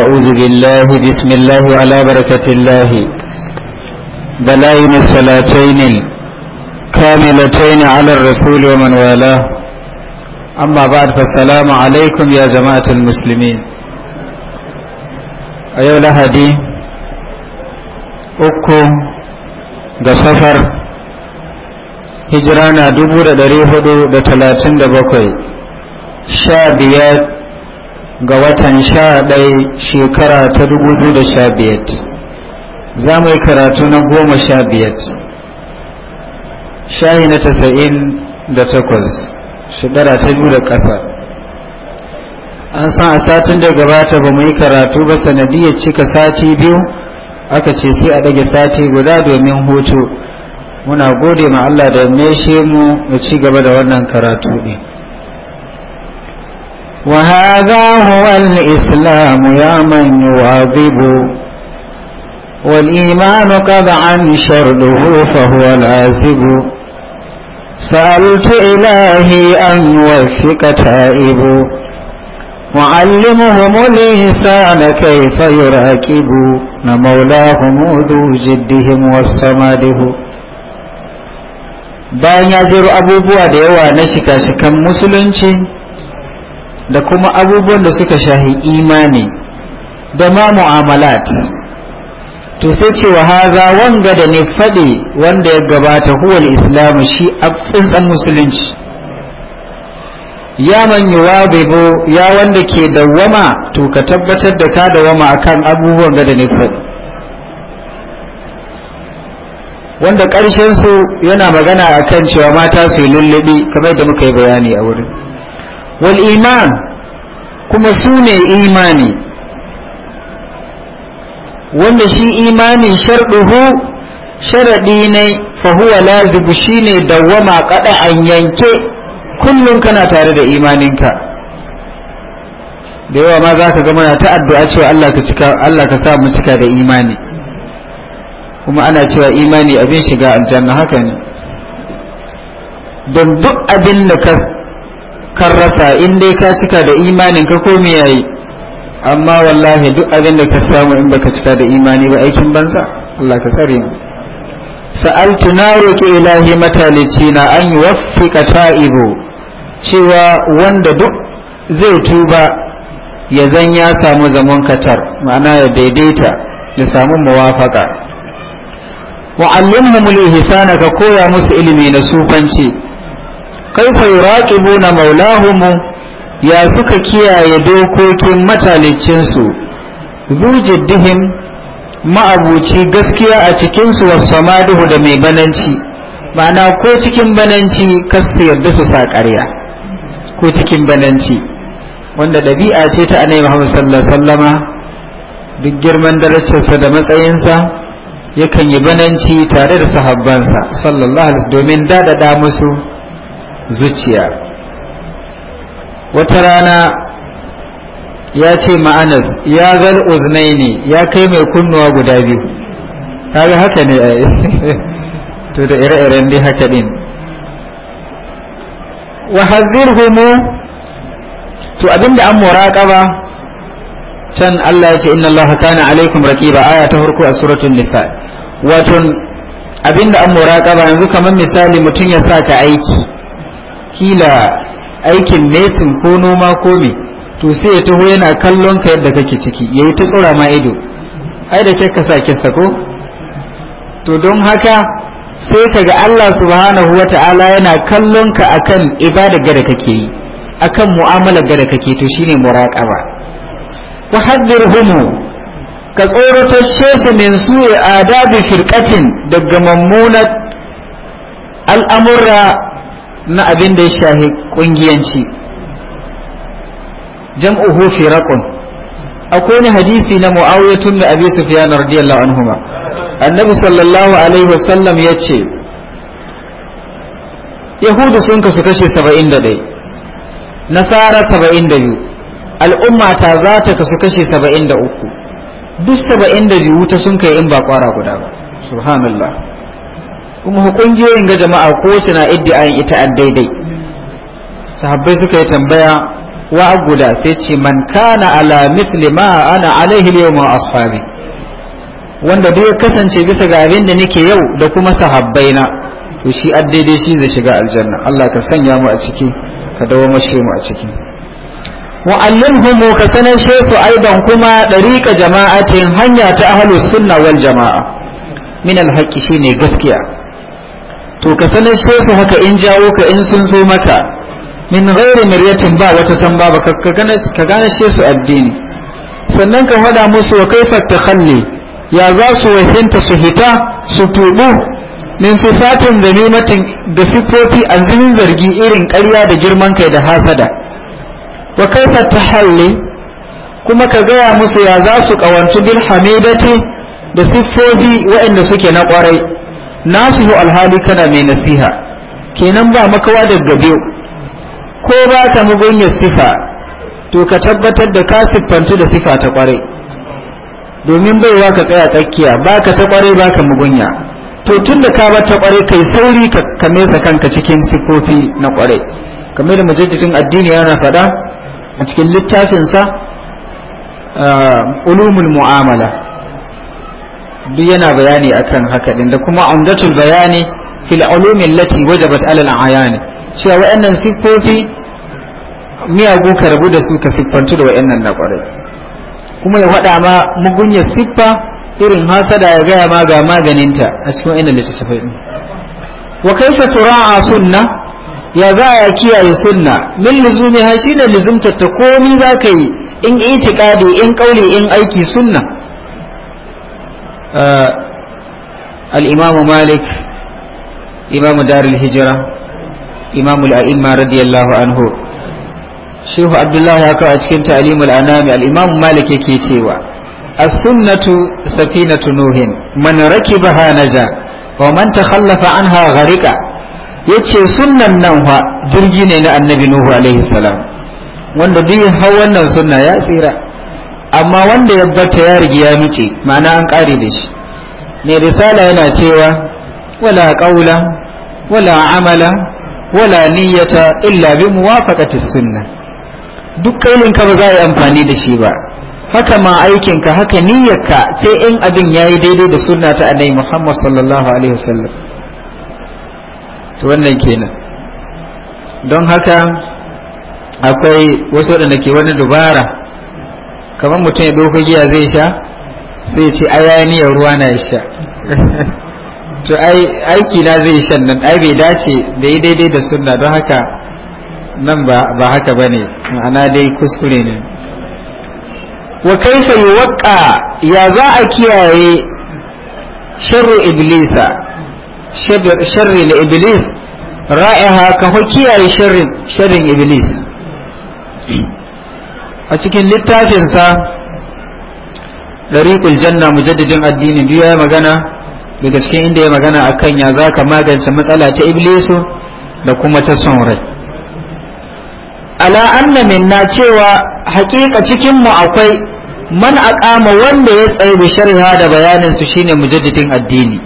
أعوذ بالله بسم الله على بركة الله بلائن الصلاتين الكاملتين على الرسول ومن والاه أما بعد فالسلام عليكم يا جماعة المسلمين أيها الأهدي أكم سفر هجرانا دبور دريه دو دتلاتين دبقوي sha biyar ga watan sha ɗai shekara ta dubu da sha biyar za mu yi karatu na goma sha biyar shayi na tasa'in da takwas shekara ta biyu da ƙasa an san a satin da gabata ba mu yi karatu ba sanadiyar cika sati biyu aka ce sai a ɗage sati guda domin hutu muna gode ma Allah da meshe mu mu ci gaba da wannan karatu ne. وهذا هو الإسلام يا من يواظب والإيمان قد عن شرده فهو العازب سألت إلهي أن يوفق تائب وعلمهم الإنسان كيف يراكب مولاهم ذو جدهم والصماده بان ya أبو بوا da yawa na shika da kuma abubuwan da suka shahi imani da ma mu'amalat to sai ce wa haza wanga da ne faɗi wanda ya gabata huwal islamu shi a tsintsan musulunci ya man yuwabibu ya wanda ke dawwama to ka tabbatar da ka dawwama akan abubuwan da ne faɗi wanda ƙarshen su yana magana akan cewa mata su yi lullubi kamar da muka yi bayani a wurin wal iman kuma sune imani wanda shi imanin sharɗuhu sharaɗi ne fahuwa lazibu shi ne dawwama kaɗa an yanke kullum kana tare da imaninka da yawa ma za ka ga mana ta addu'a cewa Allah ka sa mu cika da imani kuma ana cewa imani abin shiga aljanna haka ne don duk abin da ka kan rasa in dai ka cika da imanin ka ko me yayi amma wallahi duk abin da ka samu in baka cika da imani ba aikin banza Allah ka tsare mu sa'altu na roki ilahi matalici na an yuwaffiqa ta'ibu cewa wanda duk zai tuba ya zan ya samu zaman katar ma'ana ya daidaita ya samu muwafaka wa'allimhum lihsana ka koya musu ilimi na sufanci kaifa yuraqibuna maulahum ya suka kiyaye dokokin matalicinsu zujiddihim ma'abuci gaskiya a cikinsu wasamaduhu da mai bananci ma'ana ko cikin bananci kasu yarda su sa ƙarya ko cikin bananci wanda dabi'a ce ta annabi Muhammad sallallahu alaihi duk girman darajarsa da matsayinsa yakan yi bananci tare da sahabbansa sallallahu alaihi domin dadada musu zuciya wata rana ya ce ma'anas ya gal uznaini ya kai mai kunnuwa guda biyu kaga haka ne to da ire-iren dai haka din wa hazirhumu to abinda an muraqaba can Allah ya ce inna Allah kana alaikum raqiba aya ta farko a suratul nisa wato abinda an muraqaba yanzu kamar misali mutum ya saka aiki kila aikin mesin ko noma ko me to sai ya taho yana kallon ka yadda kake ciki yayi ta tsora ma ido ai da kyakka sa ko to don haka sai kaga Allah subhanahu Ta'ala yana kallon ka akan ibada gada kake yi akan mu'amalar gada kake to shine muraqaba wa haddirhumu ka tsorata shesu min su'i adabi firqatin daga mummunar al'amura na abin da ya shahi kungiyanci jam'uhu firaqun akwai wani hadisi na muawiya tun da abi sufyan radiyallahu anhuma annabi sallallahu alaihi wasallam ya ce yahudu sun kasu kashe 71 nasara 72 al'umma ta za ta kasu kashe 73 duk 72 ta sun kai in ba kwara guda ba subhanallah kuma hukungiyoyin ga jama'a ko wace na ita a daidai sahabbai suka yi tambaya wa guda sai ce man kana ala mithli ma ana alaihi yawma ashabi wanda duk ya kasance bisa ga abin da nake yau da kuma na to shi a daidai shi zai shiga aljanna Allah ka sanya mu a ciki ka dawo mashi mu a ciki mu'allimhum ka sanar su aidan kuma dariqa jama'atin hanya ta ahlus sunna wal jama'a min alhaqi shine gaskiya to ka sanar su haka in jawo ka in sun zo maka min ghairi miryatin ba wata san ba ka gane shi su addini sannan ka faɗa musu wa kaifa takhalli ya za su wahinta su hita su tubu min sifatin da nimatin da sifofi azimin zargi irin ƙarya da girman kai da hasada wa kaifa tahalli kuma ka gaya musu ya za su ƙawantu bil hamidati da siffofi waɗanda suke na ƙwarai nasihu alhali kana mai nasiha kenan ba makawa daga biyu ko ba ta mugunya sifa to ka tabbatar da ka siffantu da sifa ta kwarai domin baiwa ka tsaya tsakiya ba ka ta kwarai ba ka mugunya to tun da ka bar ta kwarai kai sauri ka sa kanka cikin siffofi na kwarai kamar da mujaddidin addini yana faɗa a cikin littafinsa ah, ulumul mu'amala duk yana bayani akan haka din da kuma umdatul bayani fil ulumi allati wajabat alal ayani cewa wayannan sifofi miyagu ka rabu da su ka siffantu da wayannan na kwarai kuma ya faɗa ma mugunya siffa irin hasada ya gaya ma ga maganinta a cikin wayannan littattafai din wa kaifa tura'a sunna ya za a kiyaye sunna min luzumi ha shine luzumta ta komi za yi in itiqadi in kauli in aiki sunna al'imamu malik imamu darul hijira imamu al'imma radiyallahu anhu shehu abdullahi haka a cikin ta'alimul anami al'imamu malik yake cewa as-sunnatu safinatu nuhin man rakibaha naja wa man takhallafa anha gharika yace sunnan nan fa jirgi ne na annabi nuhu alaihi wanda duk hawan nan sunna ya tsira amma wanda ya bata ya rigi ya mice ma'ana an ƙare da shi mai risala yana cewa wala ƙaula wala amala wala niyyata illa bi muwafaqati sunna duk kailin ka ba za a yi amfani da shi ba haka ma aikinka haka niyyarka sai in abin yayi daidai da sunna ta annabi Muhammad sallallahu alaihi wasallam to wannan kenan don haka akwai wasu da ke wani dubara kamar mutum ya ɗauka giya zai sha sai ce ai ya niyar ruwa na sha to ai aiki na zai shan nan ai bai dace bai daidai da sunna don haka nan ba haka bane ma'ana dai kuskure ne wa kaifa yuwaqqa ya za a kiyaye sharri iblisa sharri na iblis ra'iha ka kiyaye sharrin sharrin iblis a cikin littafinsa ɗariƙul janna mujaddidin addini biyu ya magana daga cikin inda ya magana a kan ya za ka magance matsala ta iblisu da kuma ta son rai ala min na cewa haƙiƙa cikinmu akwai man aƙama wanda ya tsaye da shari'a da bayaninsu shine mujaddidin addini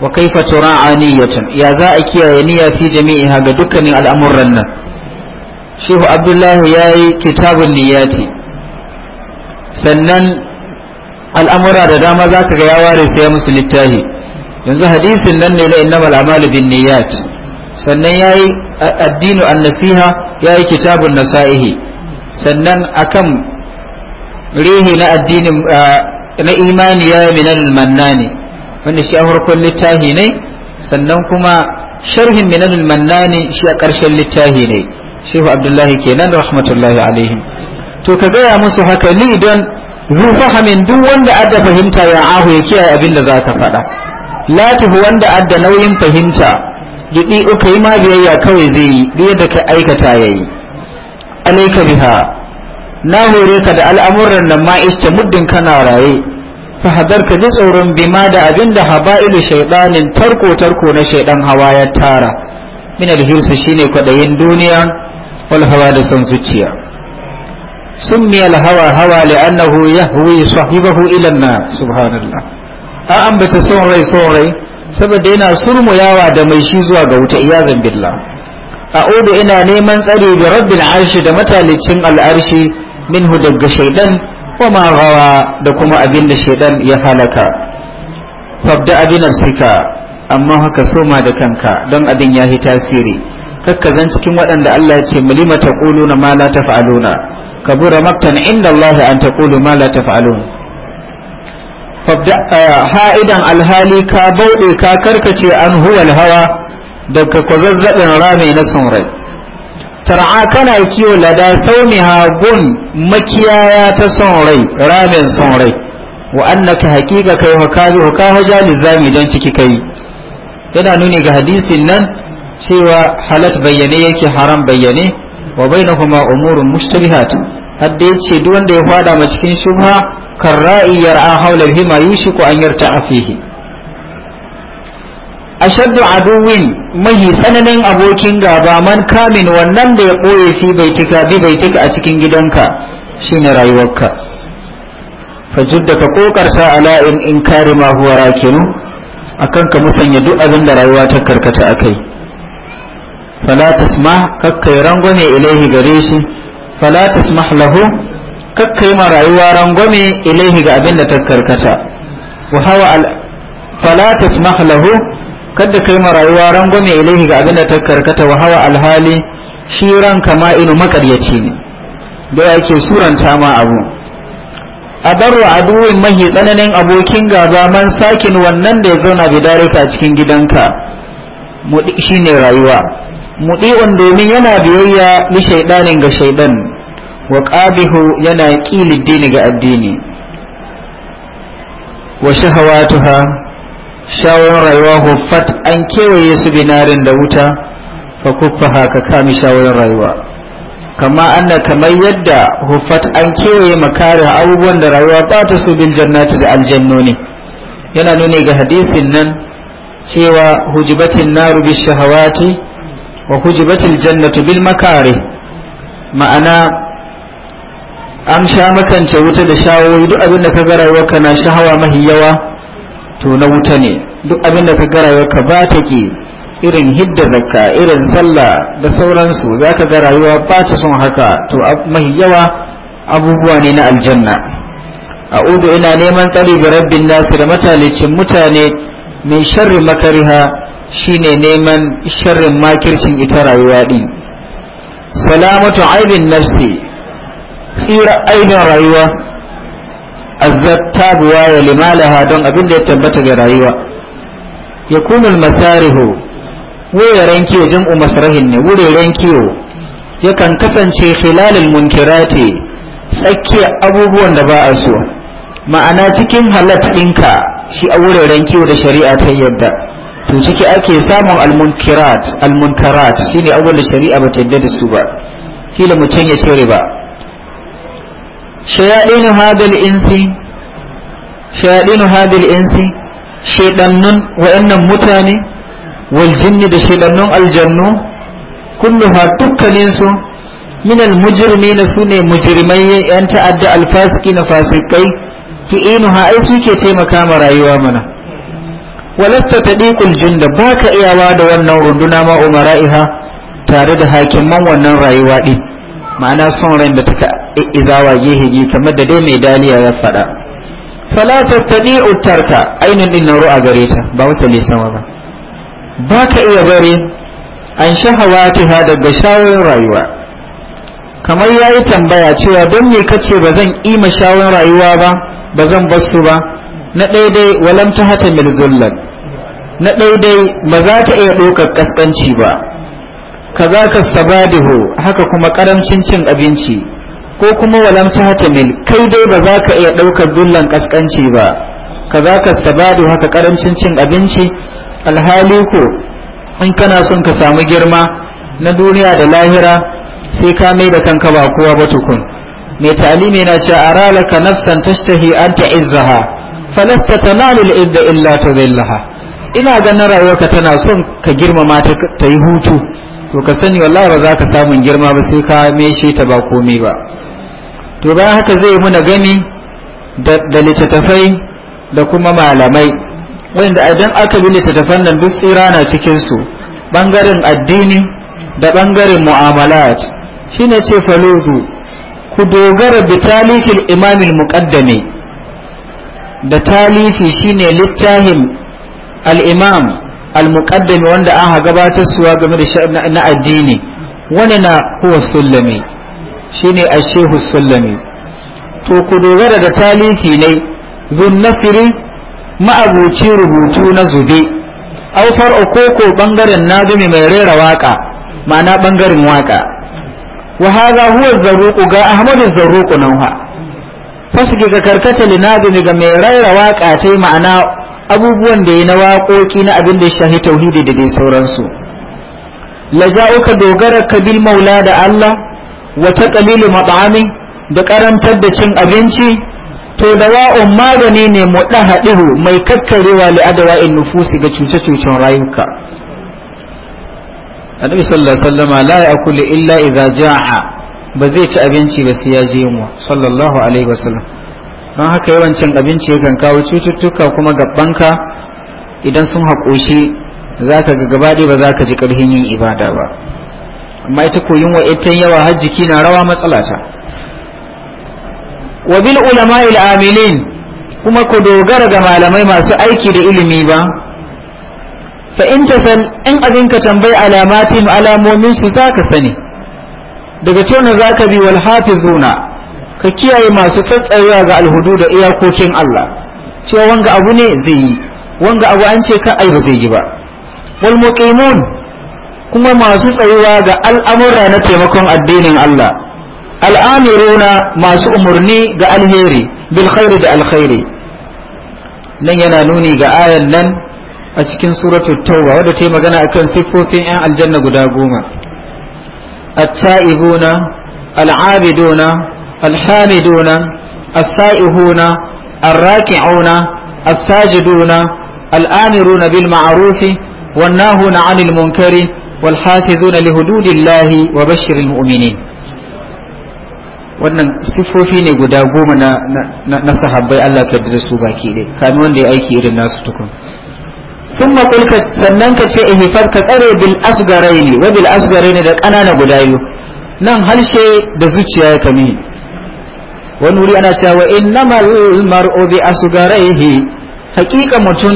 wa kaifa tura'aniyatan ya za a kiyaye niyya fi jami'iha ga dukkanin al'amuran nan shehu abdullahi ya yi kitabun niyati sannan al'amura da dama za ka ga ya ware sai ya musu littafi yanzu hadisin nan ne na innamal amalu bin niyat sannan ya yi addinu an nasiha ya yi kitabun nasa'ihi sannan akan rihi na addinin na imani ya yi minal mannani wanda shi a farkon littafi ne sannan kuma sharhin minal mannani shi a ƙarshen littafi ne shehu abdullahi kenan rahmatullahi alaihim to ka gaya musu haka ni don zu fahamin duk wanda adda fahimta ya ahu ya kiyaye abin da zaka faɗa latifu wanda adda nauyin fahimta gidi uka yi ma biyayya kawai zai yi biye da ka aikata yayi alaika biha na hore ka da al'amuran nan ma ista muddin kana raye fa hadar ka ji tsoron bima da abin da haba'ilu shaidanin tarko tarko na shaidan hawa ya tara min alhirsu shine kwaɗayin duniya wal hawa da son zuciya summi al hawa hawa li'annahu yahwi sahibahu ila subhanallah a son rai son rai saboda yana surmuyawa da mai shi zuwa ga wuta iyazan billah a'udu ina neman tsare da rabbil arshi da matalicin al'arshi minhu daga shaidan wa ma da kuma abin da shaidan ya halaka fabda abin sika amma haka soma da kanka don abin ya yi tasiri kakkazan cikin waɗanda Allah ya ce mulima taquluna ma la taf'aluna kabura maktan inda Allah an taqulu ma la taf'alun fabda eh, ha'idan alhali ka bauɗe ka karkace an huwal hawa daga kwazazzabin rami na son rai tar'a kana kiwo lada saumiha gun makiyaya ta son rai ramen son rai wa annaka haqiqa kai hukahu hukahu zami don ciki kai yana nuni ga hadisin nan cewa halat bayyane yake haram bayyane wa bainahuma umurun mushtabihat hadda yace duk wanda ya fada ma cikin shubha kan ra'i yar'a hawla hima yushiku an yarta afihi ashaddu aduwin mahi tsananin abokin gaba man kamin wannan da ya boye fi bai tuka bi bai tuka a cikin gidanka shine rayuwarka jidda ka kokarta ala in inkari ma huwa rakinu akan ka musanya duk abin da rayuwa ta karkata akai fala tasma kakkai rangwame ilaihi ma rayuwa rangwame ilaihi ga abin da ta karkata wa hawa al fala lahu kada kai ma rayuwa rangwame ilaihi ga abin da ta karkata wa alhali shi ranka ma inu makaryaci ne da yake suranta ma abu abarru aduwin mahi tsananin abokin gaba man sakin wannan da ya zauna bidarika cikin gidanka shine rayuwa muti'un domin yana biyayya ni shaydanin ga shaydan wa qabihu yana dini ga addini wa shahawatuha shawon rayuwa huffat an kewaye su binarin da wuta fa kuffa ka kami shawon rayuwa kama anna kamar yadda huffat an kewaye makarin abubuwan da rayuwa ba ta su bil jannati da aljannoni yana nuni ga hadisin nan cewa hujibatin naru bi shahawati wa hujibatil jannatu bil ma'ana an sha makance wuta da shawoyi duk abin da ka ga kana na shahawa mahi yawa to na wuta ne duk abin da ka ga ka ba ta ke irin hidda zakka irin sallah da sauransu za ka ga rayuwa ba ta son haka to mahi yawa abubuwa ne na aljanna A udu ina neman tsari ga rabbin nasu da matalicin mutane mai sharri makariha shine neman sharrin makircin ita rayuwa din salamatu aibin nafsi tsira aibin rayuwa azzattabuwa ya limalaha don abin da ya tabbata ga rayuwa ya kunul masarihu wuraren kiwo jam'u masarahin ne wuraren kiwo yakan kasance filalin munkirati tsakiyar abubuwan da ba a so ma'ana cikin halat ɗinka shi a wuraren kiwo da shari'a ta yadda to ciki ake samun almunkirat almunkarat shine abubuwan da shari'a ba ta da su ba kila mutum ya ce riba shayadinu hadal insi shayadinu hadal insi wa'annan mutane wal jinni da shedannun aljannu kulluha dukkanin su min al mujrimina sune mujrimai yan ta'adda al fasiqina fasikai tu'inuha ai suke taimaka ma rayuwa mana walatta ta ɗikul junda ba ka iyawa da wannan runduna ma umara'iha tare da hakiman wannan rayuwa ɗin ma'ana son ran da taka izawa geheji kamar da dai mai daliya ya faɗa ta ɗi uttarka ainihin ɗin naro a gare ta ba ne sama ba ba ka iya bare an shahawatiha daga shawarar rayuwa kamar ya yi tambaya cewa don me kace ba zan ima shawarar rayuwa ba ba zan basu ba na daidai walam ta hata milgullan na ɗaudai ba za ta iya ɗaukar kaskanci ba kaza ka sabadihu haka kuma ƙaramcin cin abinci ko kuma walam ta mil kai dai ba za ka iya ɗaukar dullan kaskanci ba kaza ka sabadu haka ƙaramcin cin abinci alhali ko in kana son ka samu girma na duniya da lahira sai ka mai da kanka ba kowa ba tukun mai ta'alimi na ce a ralaka nafsan tashtahi an ta'izzaha falasta tanalu al'izza illa tuzillaha ina ganin rayuwarka tana son ka girmama ta yi hutu to ka sani wallahi ba za ka samu girma ba sai ka meshe ta ba komai ba to bayan haka zai yi muna gani da littattafai da kuma malamai wanda idan aka bi littattafan nan duk tsira na cikin su bangaren addini da bangaren mu'amalat shi ce faluzu ku dogara bi talikin imamil muqaddami da talifi shine littafin al-imam al-muqaddim wanda aka gabatar suwa game da na addini wani na kuwa sullami shine ashehu sullami to ku dogara da talihi ne zunnafiri ma'abuci rubutu na zube aufar okoko bangaren nadumi mai rera waka ma'ana bangaren waka wa hadha huwa zarruqu ga ahmadu zarruqu nan ha? fasike ga karkata linadumi ga mai rera waka tai ma'ana abubuwan da ya na waƙoƙi na abin da ya shafi tauhidi da dai sauransu laja'uka dogara ka bil maula da Allah wa ta qalilu mat'ami da karantar da cin abinci to da wa'un magani ne mu dahadihu mai kakkarewa li adawa'in nufusi ga cuce-cucen rayuka annabi sallallahu alaihi wasallam la ya'kulu illa idza ja'a ba zai ci abinci ba sai ya je yunwa sallallahu alaihi wasallam don haka yawan cin abinci yakan kawo cututtuka kuma gabanka idan sun haƙoshi za ka ga gabaɗe ba za ka ji ƙarfin yin ibada ba amma ita koyin wa ita yawa har jiki na rawa matsala ta wa bil ulama amilin kuma ku dogara ga malamai masu aiki da ilimi ba fa in ta san in abin ka tambayi alamatin alamomin su za ka sani daga tona za ka bi wal hafizuna ka kiyaye masu tsatsayewa ga alhudu da iyakokin Allah cewa wanga abu ne zai yi wanga abu an ce ka ai ba zai yi ba wal muqimun kuma masu tsayuwa ga al'amura na taimakon addinin Allah al'amiruna masu umarni ga alheri bil khairi da alkhairi nan yana nuni ga ayan nan a cikin suratul tauba wadda ta yi magana akan siffofin 'yan aljanna guda goma at-ta'ibuna al'abiduna الحامدون السائحون الراكعون الساجدون الآمرون بالمعروف والناهون عن المنكر والحافظون لهدود الله وبشر المؤمنين wannan siffofi ne guda goma na sahabbai Allah ta da su baki dai kami wanda ya aiki irin nasu tukun sun makulka sannan ka ce ihifar ka tsare bil asgaraini wa bil ne da ƙanana guda biyu nan halshe da zuciya ya kame wani wuri ana cewa innamal mar'u bi asgarihi hakika mutum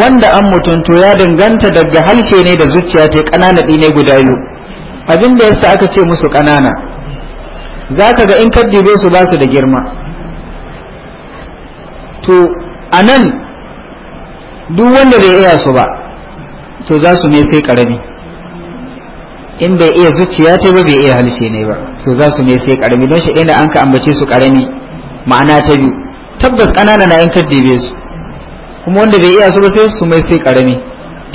wanda an mutunto ya danganta daga halshe ne da zuciya ta kanana ne guda biyu abinda da yasa aka ce musu kanana zaka ga in kaddibe su ba su da girma to anan duk wanda bai iya su ba to za su ne sai karami in bai iya zuciya ta ba bai iya halshe ne ba to za su ne sai karami don shi inda an ka ambace su karami ma'ana ta biyu tabbas kanana na yan kaddebe su kuma wanda bai iya su ba sai su mai sai karami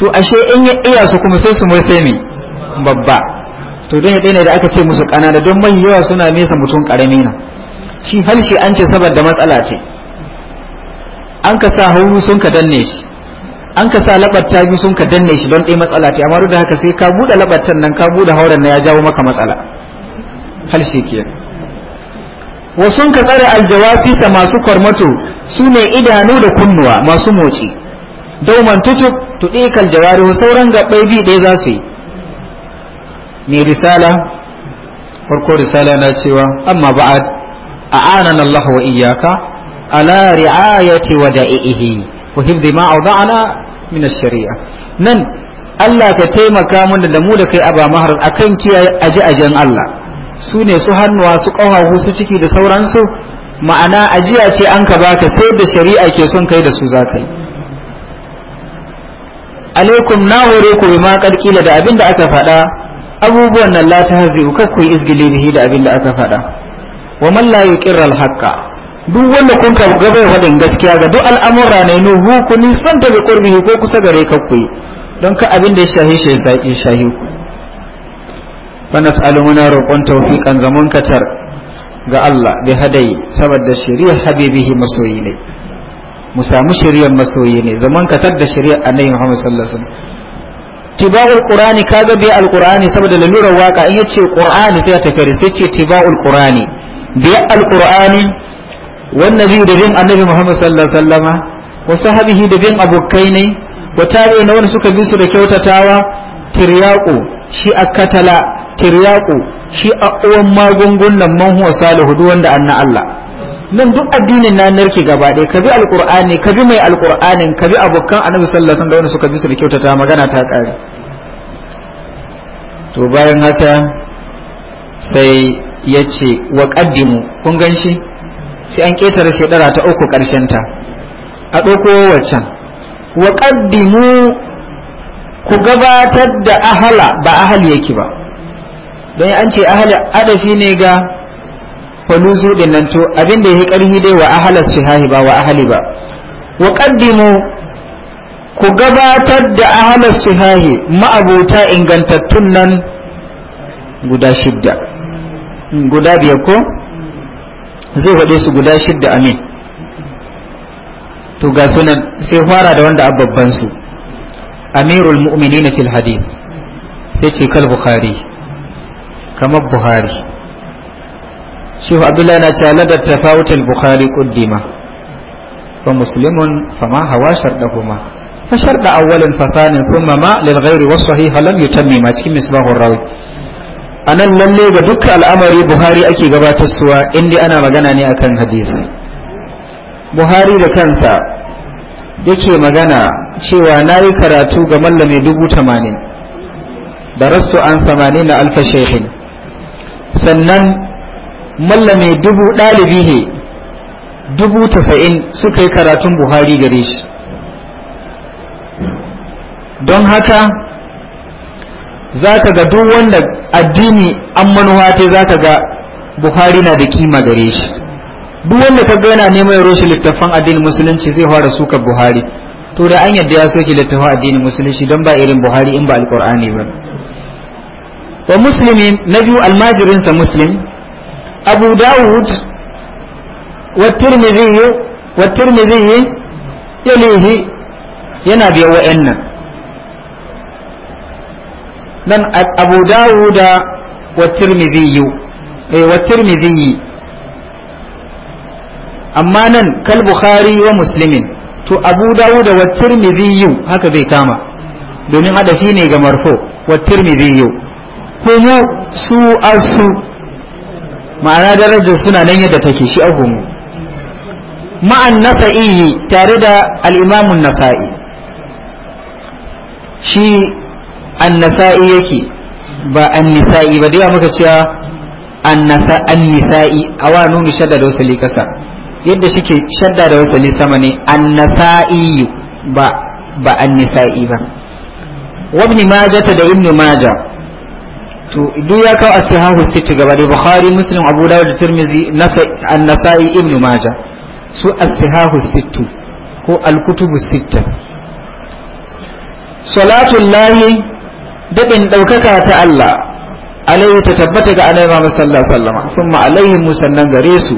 to ashe in ya iya su kuma sai su mai sai ne babba to don ɗaya ne da aka sai musu kanana don mai yawa suna nesa mutum karami na shi halshe an ce saboda matsala ce an ka sa hauru sun ka danne shi an ka sa labar ta biyu sun ka danne shi don ɗaya matsala ce amma duk da haka sai ka buɗe labartan nan ka buɗe hauren na ya jawo maka matsala hal shi Wa sun ka tsare sa masu kwarmato su ne idanu da kunnuwa masu moci dauman tutub jawari wa sauran gaɓɓai bi ɗaya za su yi mai risala farko risala na cewa amma ba'ad a anan Allah wa iyaka ala ri'ayati wa da'ihi wa hibdi ma min sharia nan Allah ka taimaka mana da mu da kai aba mahar akan kiyaye aji ajen Allah su ne su hannuwa su ƙafafu su ciki da sauransu ma'ana ajiya ce an ka baka sai da shari'a ke son kai da su za ka yi alaikum na hore ku bi ma da abin da aka faɗa abubuwan nan la ta hazi ku izgili bihi da abin da aka faɗa wa man la yuqirra al-haqqa duk wanda kun karɓa bai faɗin gaskiya ga duk al'amura ne nuhu ku nisan ta bi qurbihi ko kusa gare ka ku don ka abin da ya shahi shi sai shahi ku fa nas'alu muna roƙon tawfiqan zaman katar ga Allah bi hadai saboda shari'ar habibihi masoyi ne mu samu shari'ar masoyi ne zaman katar da shari'ar annabi Muhammad sallallahu alaihi wasallam tiba'ul qur'ani kaga bi al-qur'ani saboda lalurar waka in yace qur'ani sai ta kare sai ce tiba'ul qur'ani bi al-qur'ani wan nabi da bin annabi Muhammad sallallahu alaihi wasallama wa sahabihi da bin abokai ne wa tabi'ina wanda suka bi su da kyautatawa tiryaqu shi akatala tiryaqu shi a uwan magungunan man huwa salihu duk wanda anna Allah nan duk addinin na narke gaba ɗaya ka bi alqur'ani ka bi mai alqur'anin ka bi abokan annabi sallallahu alaihi wasallam da wanda suka bi su da kyautatawa magana ta kare to bayan haka sai ya ce wa ƙaddimu kun gan shi sai an ƙetare shekara ta uku ta a ɗauko waccan wa ƙaddimu ku gabatar da ahala ba ahali yake ba don an ce ahali adafi ne ga faluzu din nan to abinda ya ƙarfi dai wa ahala shihahi ba wa ahali ba wa ƙaddimu ku gabatar da ahalar shihahi ma'abuta ingantattun nan guda shidda hmm, guda biyar ko zai faɗe su guda shidda amin to ga sunan sai fara da wanda babban su amirul mu'minina fil hadith sai ce kal bukhari kamar bukhari shehu abdullahi na cewa ladar tafawutul bukhari kuddima fa muslimun fama hawa kuma fa sharɗa awalin fa kuma thumma ma lil ghairi was sahih lam yutammi ma cikin misbahur rawi a nan lalle ga dukkan al'amari buhari ake gabatar suwa inda ana magana ne akan hadisi buhari da kansa yake magana cewa na yi karatu ga mallame dubu tamanin da rastu an samani na alfa shehin sannan mallame dubu ɗalibi ne dubu tasa'in suka yi karatun buhari gare shi don haka za ta ga duk wanda addini an manuwa ce za ta ga bukhari na da kima gare shi duk wanda ka ga yana neman rushe littafan addinin musulunci zai fara suka buhari to da an yadda ya soke littafan addinin musulunci don ba irin buhari in ba alkur'ani ba wa muslimin na biyu almajirinsa muslim abu dawud wa tirmidhi wa tirmidhi yana biya wa'annan nan abu dawuda eh, wa tirmidhi amma nan kal bukhari wa muslimin to abu dawuda wa tirmidhi haka zai kama domin hadafi ne ga marfo wa tirmidhi kuma su asu ma'ana darajar suna nan yadda take shi ahumu ma'an nasa'i tare da al-imamun nasa'i shi annasa'i yake ba annisa'i ba da muka cewa annisa'i a wa nunu shadda da wasali kasa yadda shike shadda da wasali sama ne annasa'i ba ba annisa'i ba wabni majata da Ibnu maja to duk ya kawo asihahu sita gaba da bukhari muslim abu dawud da tirmizi annasa'i ibnu maja su asihahu sittu ko alkutubu sitta salatullahi daɗin ɗaukaka ta Allah alaihi ta tabbata ga annabi Muhammad sallallahu alaihi wasallam kuma alaihi musannan gare su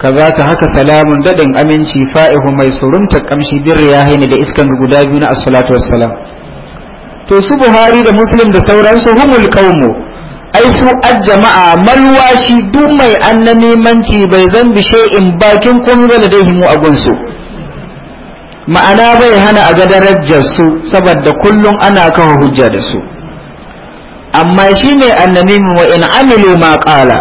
ka haka salamun daɗin aminci fa'ihu mai surunta kamshi ya riyahin da iskan guda biyu na as-salatu wassalam to su Buhari da Muslim da sauransu humul qaumu ai su ajjama'a malwashi duk mai manci bai zan bishe in bakin komai ba dai himu a gunsu ma'ana bai hana a ga darajar su saboda kullun ana kawo hujja da su amma shi ne annamimu wa in amilu ma qala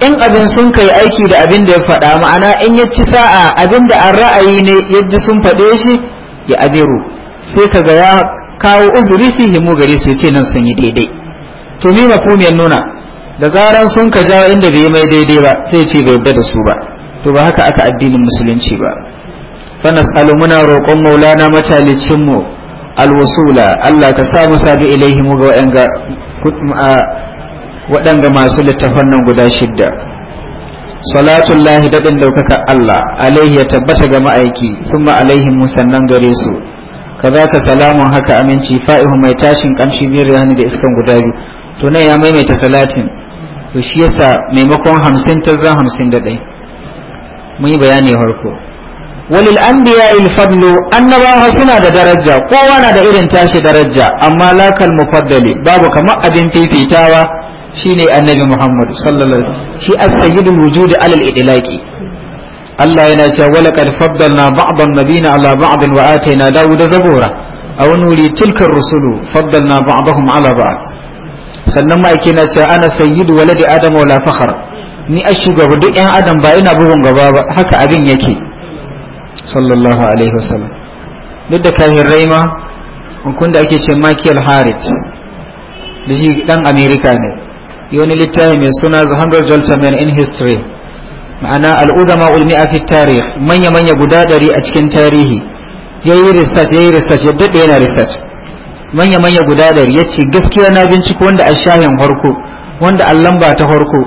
in abin sun kai aiki da abin da ya faɗa ma'ana in ya ci sa'a abin da an ra'ayi ne yadda sun faɗe shi ya adiru sai ka ga ya kawo uzuri fihi mu gari su ce nan sun yi daidai to ni ya nuna da zaran sun ka jawo inda bai mai daidai ba sai ce bai yarda da su ba to ba haka aka addinin musulunci ba فنسأل منا روكم مولانا متى لتشمو الوصولة ألا كسام سابي إليهم وإنغا waɗanda masu littafan nan guda shidda salatullahi daɗin ɗaukaka Allah alaihi ya tabbata ga ma'aiki kuma alaihi sannan gare su kazaka salamun haka aminci fa'ihu mai tashin kamshi biyar hannu da iskan guda biyu to nan ya maimaita salatin to shi yasa maimakon hamsin ta zan hamsin da mun yi bayani farko walil anbiya ilfadlo annabawa suna da daraja kowa na da irin tashi daraja amma lakal mufaddali babu kamar abin fifitawa shine annabi Muhammad sallallahu alaihi shi a sayyidul wujudi alal idilaki. Allah yana cewa walaqad faddalna ba'dhan nabiyina ala ba'din wa atayna dawuda zabura aw nuri tilka ar-rusulu faddalna ba'dahum ala ba'd sannan ma yake na cewa ana sayyidu waladi adam wala fakhar ni ashugabu duk yan adam ba ina bugun gaba ba haka abin yake sallallahu alaihi wasallam duk da kafirai raima kun da ake ce Michael Harrit da shi dan America ne wani littafi mai suna The Hundred Gentlemen in History ma'ana al'udama ulmi'a fi tarih manya-manya guda dari a cikin tarihi yayi research yayi research ya daɗe yana research manya-manya guda dari ya ce gaskiya na binciko wanda a shahin harko wanda a ba ta harko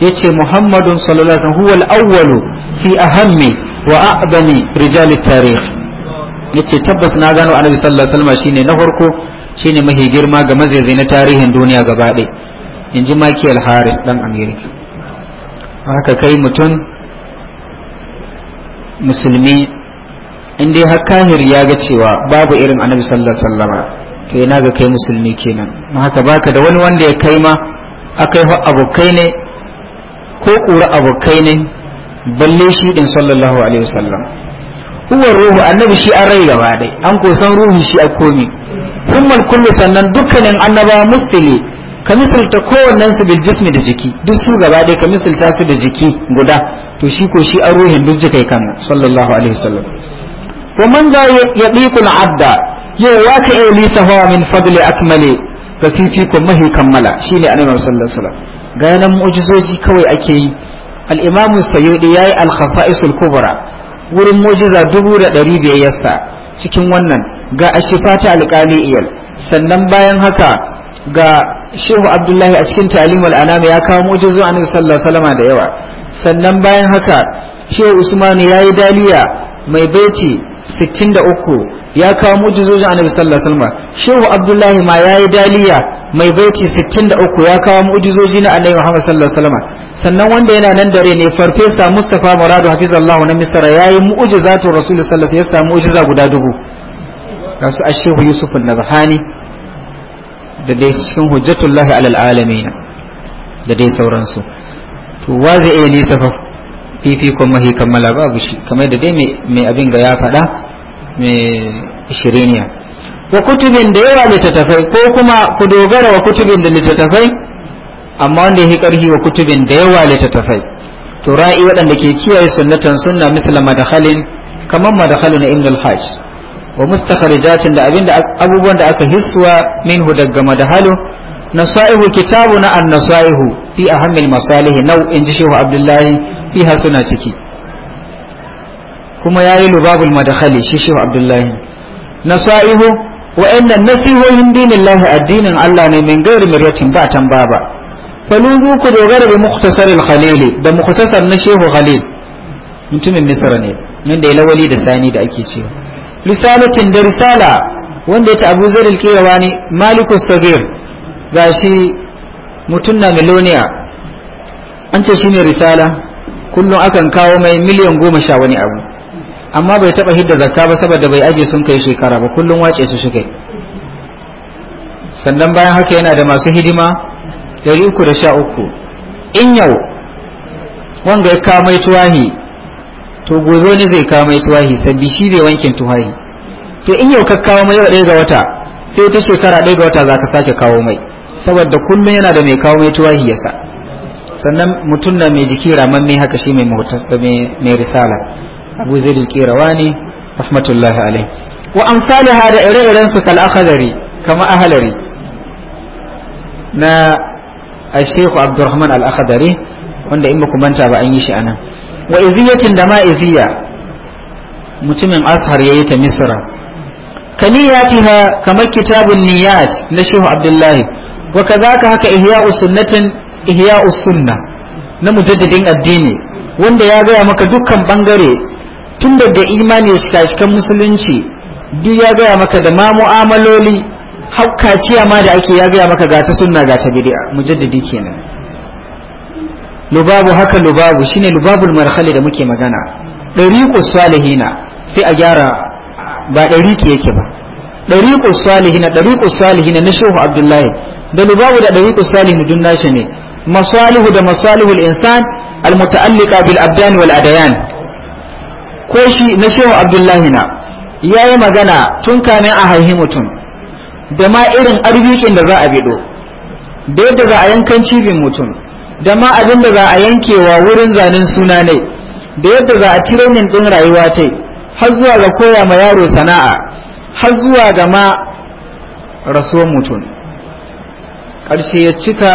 ya ce muhammadun sallallahu alaihi wasallam huwal awwalu fi ahammi wa a'dami rijal tarikh yace tabbas na gano annabi sallallahu alaihi wasallam shine na farko shine mahi girma ga mazaizai na tarihin duniya gaba ɗaya inji Michael Harris dan America haka kai mutum musulmi in dai har kahir ya ga cewa babu irin annabi sallallahu alaihi wasallama to yana ga kai musulmi kenan haka baka da wani wanda ya kai ma akai abokai ne ko kura abokai ne balle shi din sallallahu alaihi wasallam uwar ruhu annabi shi an rai gaba dai an ko san ruhi shi a komi kummal kullu sannan dukkanin annaba mutili ka misalta kowannen su bil jismi da jiki duk su gaba dai ka misalta su da jiki guda to shi ko shi an ruhin duk jikai kan sallallahu alaihi wasallam wa man za yaqiqul adda. yau wa ka iya lisafa min fadli akmali ga fifikon mahi kammala shine annabi sallallahu alaihi wasallam ga nan mu'jizoji kawai ake yi al-imam ya yi al-khasa'isul kubra wurin mujiza dubu da ɗari biyar yasta cikin wannan ga ashifa ta alƙali'iyal sannan bayan haka ga shehu abdullahi a cikin talim al'anam ya kawo mujizu annabi sallallahu alaihi da yawa sannan bayan haka shehu usmanu ya yi daliya mai baiti 63 ya kawo mujizojin annabi sallallahu alaihi shehu abdullahi ma ya yi daliya mai baiti 63 ya kawo mu'jizoji na annabi Muhammad sallallahu alaihi wasallam sannan wanda yana nan dare ne farfesa Mustafa Muradu hafizallahu na Misra yayi mu'jizatu Rasulullahi sallallahu alaihi wasallam ya samu mu'jiza guda dubu ga su Ashehu Yusuf al nabhani da dai cikin hujjatullah alal alamin da dai sauransu to wa zai iya nisa fa fifikon mahi kammala babu shi kamar da dai mai abin ga ya faɗa mai shiriniya wa kutubin da yawa littattafai ko kuma ku dogara wa kutubin da littattafai amma wanda yake karhi wa kutubin da yawa littattafai to ra'i waɗanda ke kiyaye sunnatan sunna misalan madakhalin kamar madhalun ibn al-hajj wa mustakharijatin da abinda abubuwan da aka hiswa minhu daga madhalu nasaihu kitabuna an-nasaihu fi ahammil masalih nau in ji shehu abdullahi fi suna ciki kuma yayi lubabul madakhali shi shehu abdullahi nasaihu wa'annan nasihohin dinin lahi addinin Allah ne min gairi miryatin ba tamba ba faluzu ku dogara da mukhtasar al-khalili da mukhtasar na shehu khalil mutumin misra ne nan da ya lawali da sani da ake cewa risalatin da risala wanda ya ta abu zaril ne maliku sagir gashi mutun na miloniya an ce shine risala kullum akan kawo mai miliyan goma sha wani abu amma bai taba hidda zakka ba saboda bai aje sun kai shekara ba kullum wace su suke sannan bayan haka yana da masu hidima 313 in yau wanga ya kamai tuwahi to gobe wani zai kamai tuwahi sabbi shi bai wankin tuwahi to in yau ka kawo mai ɗaya ga wata sai ta shekara ɗaya ga wata za ka sake kawo mai saboda kullum yana da mai kawo mai tuwahi sa sannan mutum na mai jiki ramamme haka shi mai risala buzil kirawani rahmatullahi alaihi wa amsalha da ire-iren su kal akhdari kama na Sheikh Abdurrahman al-Akhdari wanda in muku ba an yi shi anan wa iziyatin da iziya mutumin ashar yayi ta misra kaniyatiha kamar kitabun niyat na Sheikh Abdullahi wa kazaka haka ihya'u ihya'u sunna na mujaddadin addini wanda ya gaya maka dukkan bangare tun daga imani cikin musulunci duk ya gaya maka da ma mu'amaloli haukaciya ma da ake ya gaya maka ga ta sunna ga ta bid'a mujaddidi kenan lubabu haka lubabu shine lubabul marhali da muke magana dariqu salihina sai a gyara ba dariki yake ba dariqu salihina dariqu salihina na shehu abdullahi da lubabu da dariqu salihina dun nashi ne masalihu da masalihul insan al muta'alliqa bil abdan wal adayan ko shi na shehu abdullahi na ya yi magana tun kamin a haihi mutum da ma irin arzikin da za a bido da yadda za a yankan cibin mutum da ma abin da za a yankewa wurin zanen suna ne da yadda za a tirenin ɗin rayuwa ta har zuwa ga koya ma yaro sana'a har zuwa ga ma rasuwar mutum ƙarshe ya cika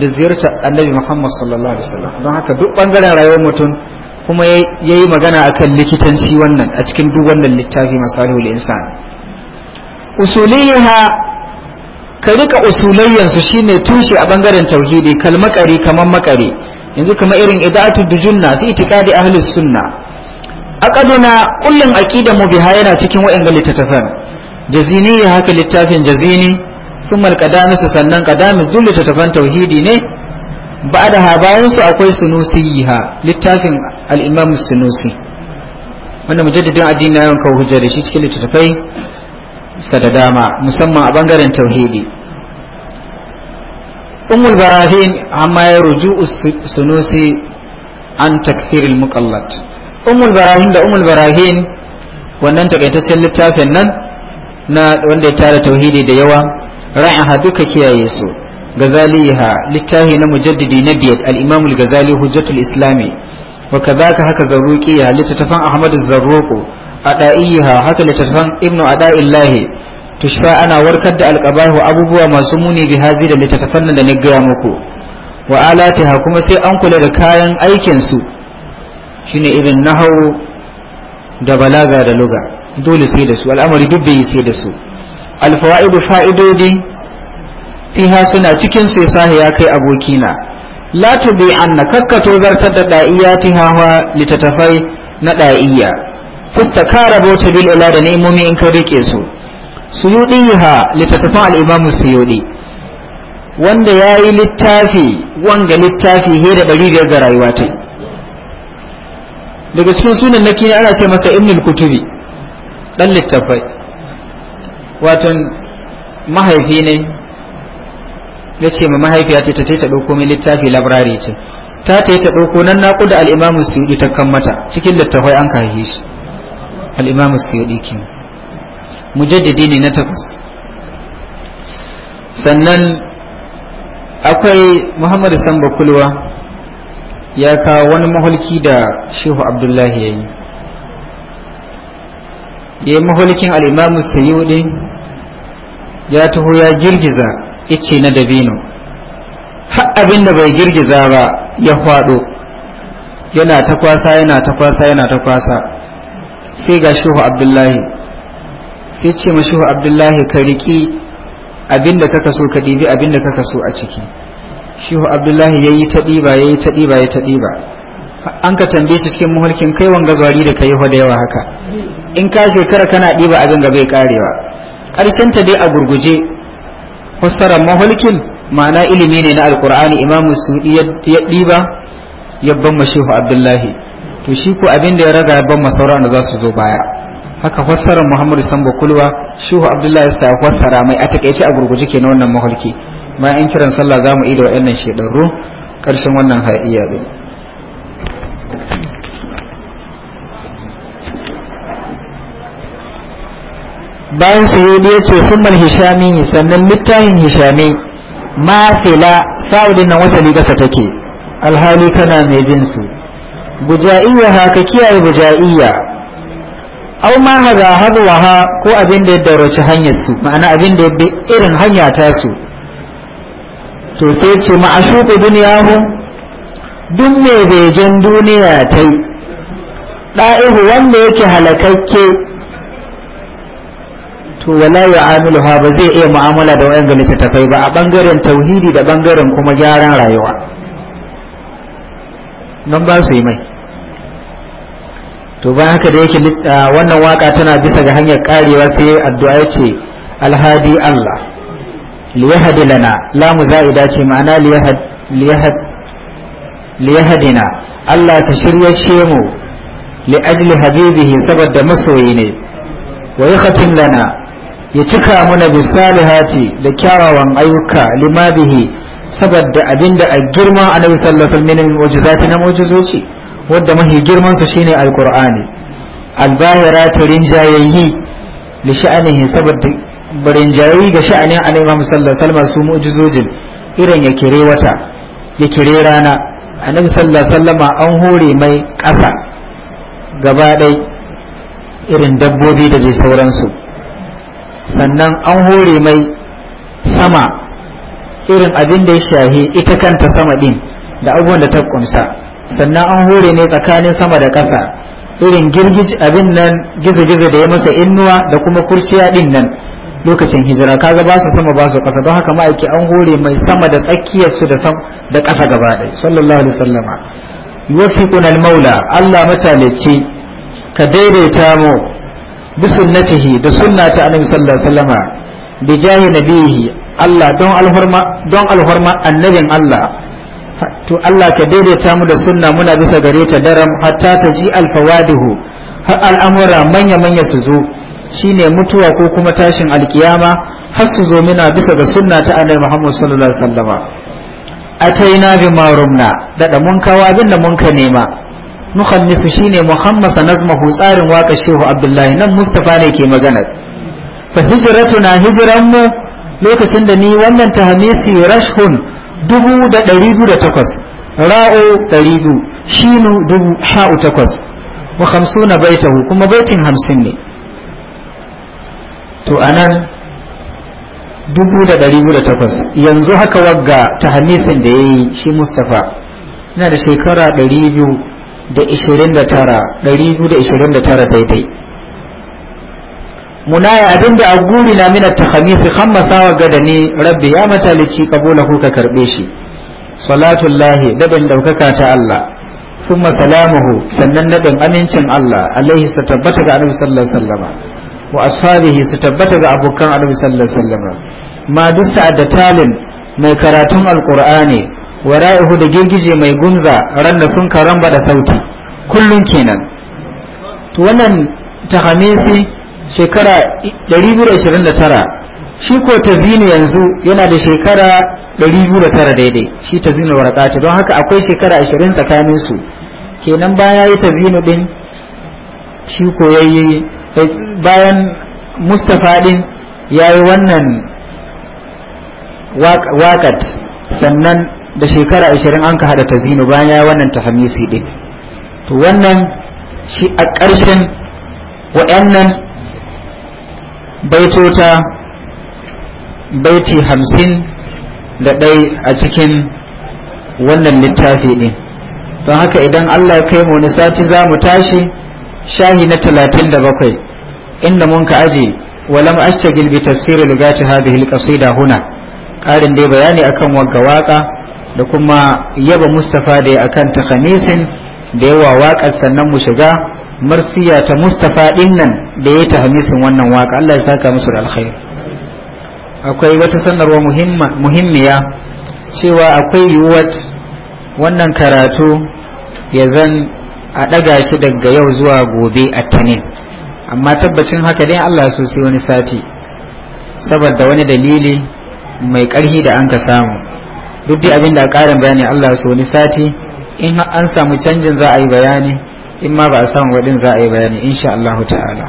da ziyarta annabi muhammad sallallahu alaihi wasallam don haka duk ɓangaren rayuwar mutum kuma yayi magana akan likitanci wannan a cikin duk wannan littafi masalihul insan usuliha ka rika usulayyansu shine tushe a bangaren tauhidi kalmakari kaman makare yanzu kamar irin idatu dujunna fi itikadi ahli sunna aqaduna kullun aqida mu biha yana cikin wa'anga littattafan jazini haka littafin jazini thumma alqadamis sannan qadamis duk littattafan tauhidi ne ba'daha bayan su akwai sunusiha littafin al-imam sunusi wanda mujaddidin addini yayin kawo hujja da shi cikin littattafai sa da dama musamman a bangaren tauhidi ummul barahin amma ya ruju'u sunusi an takfir al-muqallad ummul da ummul wannan takaitaccen littafin nan na wanda ya tara tauhidi da yawa ra'aha duka kiyaye su gazaliha littafi na mujaddidi na biyar al gazali hujjatul islami wa kadhaka haka zarruqiya litattafan Ahmadu az-zarruqu adaiha haka littafan ibnu adaillahi tushfa ana warkar da alqabahu abubuwa masu muni bi hazi da littafan da na gaya muku wa alatiha kuma sai an kula da kayan aikin su shine irin nahawu da balaga da luga dole sai da su al'amari duk bai sai da su alfawaidu fa'idodi fiha suna cikin su yasa ya kai abokina la tubi anna kakkato zartar da da'iya tihawa litatafai na da'iya fustakara bauta bil ila da ne'imomi in ka rike su suyudiha litatafan al-imamu suyudi wanda yayi littafi wanga littafi he da bari biyar rayuwa ta daga cikin sunan naki ana ce masa ibnul kutubi dan littafai watan mahaifi ne ya ce ma mahaifiya ce ta ta ɗauko min littafi labrari ce ta ta ta ɗauko nan na da al'imamu suyuɗi ta kan mata cikin littafai an kahe shi al'imamu suyuɗi mu mujaddidi ne na takwas sannan akwai muhammadu sambo kulwa ya kawo wani maholki da shehu abdullahi ya yi ya yi mahulkin al'imamu suyuɗi ya taho ya girgiza ice na dabino har abin da bai girgiza ba ya hwado yana ta kwasa yana ta kwasa yana ta kwasa sai ga shehu abdullahi sai ce ma shehu abdullahi ka riƙi abin da kaka so ka ɗibi abin da kaka so a ciki shehu abdullahi ya yi ta ɗiba ya yi ta ɗiba ya ta ɗiba an ka tambaye shi cikin muhulkin kai wanga zuwari da kai da yawa haka in ka shekara kana ɗiba abin ga bai karewa ƙarshen ta dai a gurguje fassarar mahulkin ma'ana ilimi ne na alkur'ani imam musudi ya diba ya ma shehu abdullahi to shi ko abin da ya raga ya ma sauran da za su zo baya haka fassarar muhammad sambo kulwa shehu abdullahi sa ya fassara mai a takaice a gurguje ke na wannan mahulki bayan kiran sallah za mu iya da waɗannan shedarru karshen wannan haɗiya yadu. bayan yi ya ce sumar hishami sannan littafin hishami ma fila sa'udin nan wasali gasa take alhali kana mai su. buja'iyya ha ka kiyaye buja'iyya aw ma haza ha ko abin da ya dauraci hanyar su ma'ana abin da ya bi irin hanya ta su to sai ce ma ashuqu mu. duk mai jan duniya ta yi da'ihu wanda yake halakakke to wala ya'amiluha ba zai iya mu'amala da wayan tafai ba a bangaren tauhidi da bangaren kuma gyaran rayuwa nan ba su yi mai to ba haka da yake wannan waka tana bisa ga hanyar karewa sai addu'a ya ce alhadi Allah liyahadi lana la muza'ida ce ma'ana liyahadina Allah ta shirye shi mu li ajli habibihi saboda masoyi ne wa yakhatim lana ya cika muna bisalihati da kyawawan ayyuka limabihi saboda abinda a girma annabi sallallahu alaihi wasallam ne mu'jizati na mu'jizoci wanda mahi girman su shine alqur'ani albahira ta rinjayayi li sha'anihi saboda barinjayi ga sha'anin annabi sallallahu alaihi wasallam su mu'jizojin irin ya kire wata ya kire rana annabi sallallahu alaihi wasallam an hore mai ƙasa gaba ɗaya irin dabbobi da dai sauransu sannan an hore mai sama irin abin da ya shahi ita kanta sama din da abubuwan da ta kunsa sannan an hore ne tsakanin sama da ƙasa irin girgij abin nan gizo-gizo da ya masa innuwa da kuma kursiya din nan lokacin hijira kaga ba su sama ba su ƙasa don haka ma'aiki an hore mai sama da tsakiyarsu da da ƙasa gaba ɗaya sallallahu alaihi wasallama yuwaffiquna maula Allah ce ka daidaita mu bisunnatihi da sunna annabi sallallahu alaihi wasallama bi jahi nabihi Allah don alhurma don alhurma annabin Allah to Allah ka daidaita mu da sunna muna bisa gare ta daram hatta ta ji alfawadihu har al'amura manya manya su zo shine mutuwa ko kuma tashin alkiyama har su zo muna bisa ga sunna ta annabi Muhammad sallallahu alaihi wasallama ataina bi marumna da da mun kawo abin da mun ka nema nukhannisu shine muhammasa nazmahu tsarin waka shehu abdullahi nan mustafa ne ke magana fa hijratuna hijran mu lokacin da ni wannan tahmisi rashhun dubu da ɗari biyu da takwas ra'o ɗari biyu shinu dubu ha'u takwas wa hamsuna baitahu kuma baitin hamsin ne to anan dubu da ɗari biyu da takwas yanzu haka wagga tahmisin da ya yi shi mustafa yana da shekara ɗari biyu da ishirin da tara ɗari biyu da ishirin da tara daidai munaya abin da aguri na mina ta hamisi hammasawa gada ne rabbi ya matalici kabula ka karɓe shi salatullahi daban ɗaukaka ta Allah summa salamuhu sannan daban amincin Allah alaihi su tabbata ga annabi sallallahu sallama wa ashabihi su tabbata ga abokan annabi sallallahu sallama ma duk sa'ad da talin mai karatun alqur'ani wa ra'ihu da girgije mai gumza ran da sun karamba da sauti kullum kenan to wannan tahamisi shekara 229 shi ko tazini yanzu yana da shekara 209 daidai shi tazini warakati don haka akwai shekara 20 tsakanin su kenan baya yi tazini din shi ko yayi bayan mustafa din yayi wannan wakat sannan da shekara ashirin an ka hada tazinu bayan ya wannan tahamisi din to wannan shi a ƙarshen wa'annan baitota baiti hamsin da ɗai a cikin wannan littafi ne don haka idan allah ya kai mu wani sati za mu tashi shahi na talatin da bakwai inda mun ka aje walam ashtagil bi tafsir lugati hadhihi alqasida huna ƙarin dai bayani akan wagga waka da kuma yaba mustafa da ya akan ta khamisin da yawa wakar sannan mu shiga marsiya ta mustafa din da ya ta wannan waka. Allah ya saka musu da alkhairi akwai wata sanarwa muhimmiya cewa akwai yiwuwar wannan karatu ya zan a ɗaga shi daga yau zuwa gobe a tanin amma tabbacin haka dai Allah sosai wani sati saboda wani dalili mai ƙarhi da an ka samu duk dai abin da karin bayani Allah so ni sati in an samu canjin za a yi bayani in ma ba a samu wadin za a yi bayani insha Allah ta'ala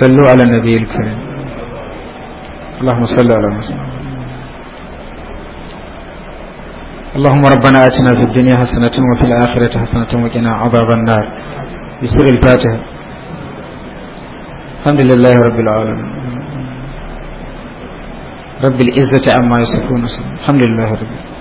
sallu ala nabiyil karim اللهم صل على محمد اللهم ربنا آتنا في الدنيا حسنة وفي الآخرة حسنة وقنا عذاب النار بسر الفاتحة الحمد لله رب العالمين rabbil izzati amma yasifun alhamdulillah rabbil